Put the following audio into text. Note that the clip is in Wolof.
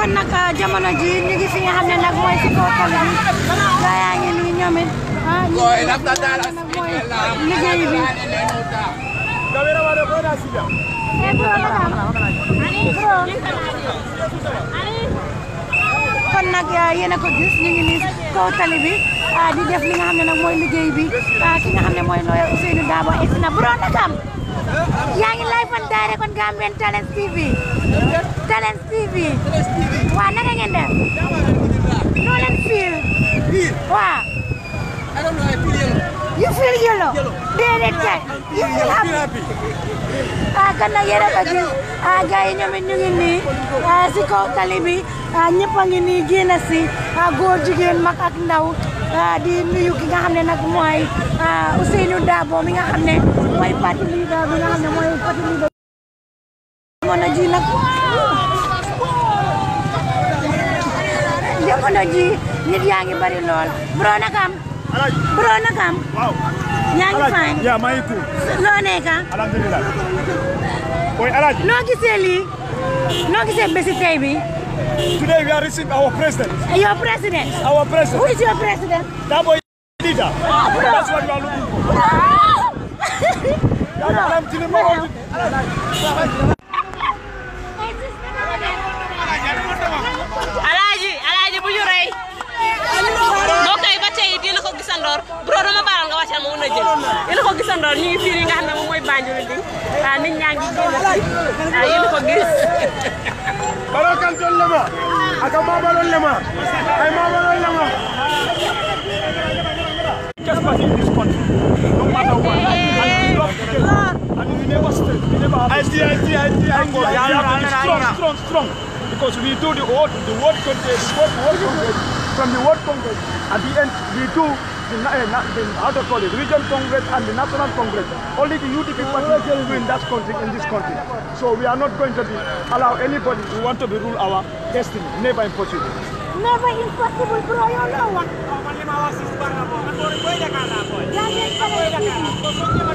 kon nag euh, jamono ji ñu ngi fi nga xam ne nag mooy si kaw tali bi gaa yaa ngi nii ñoom it ah ñu ngi nag mooy liggéey bi. kon nag euh, yéen a ko gis ñu ngi nii kaw tali bi euh, di def li nga xam ne nag mooy liggéey bi ki nga xam ne mooy nooy Ousseynou Dabo egsi na bu doon nag am yaa ngi live on direct on Gambian Talents TV. Talent TV. wah naka ngeen def. feel, wah. fiil. fiil waaw. you feel yellow. you feel happy. ah kon nag yéen a ko gis ah gars yi ñoom it ñu ah si kaw ah si ah, ah di nuyu ki nga xam ne nag mooy Ousseynou ah, Dabo mi nga xam ne mooy nga Jangan Haji nak. Jangan Haji. Nit yaa ngi bari lool. Bro kam? Bro nak kam? Wow. ngi fine. Yaa maa ngi Alhamdulillah. Oy Alhaji. Noo gisee Lo, Noo Today we are receiving our president. Your president. Our president. Who is your president? That boy leader. That's what you are looking for. Bro. Ya, Bro. Bro. Bro. Bro. Bro. Bro. gisandoor bro dama baaral nga wàccal ma mun a jël yéen a ko gisandoor ñu ngi fii nga xam ne moom Banjul di ah nit ñaa ngi génn gitu. ah yéen a ko gis gitu. baro kantoon lema aka maabaloon lema ay maabaloon lema just pass in this country no matter what and we love each other I see I see I see I see we have to be strong strong strong because we do the world the world contest, the world world content from the world contest, at the end we do the, the how to call it, region congress and the national congress. Only the UDP party is win that country in this country. So we are not going to be, allow anybody who want to be rule our destiny. Never impossible. Never impossible, bro. You know what?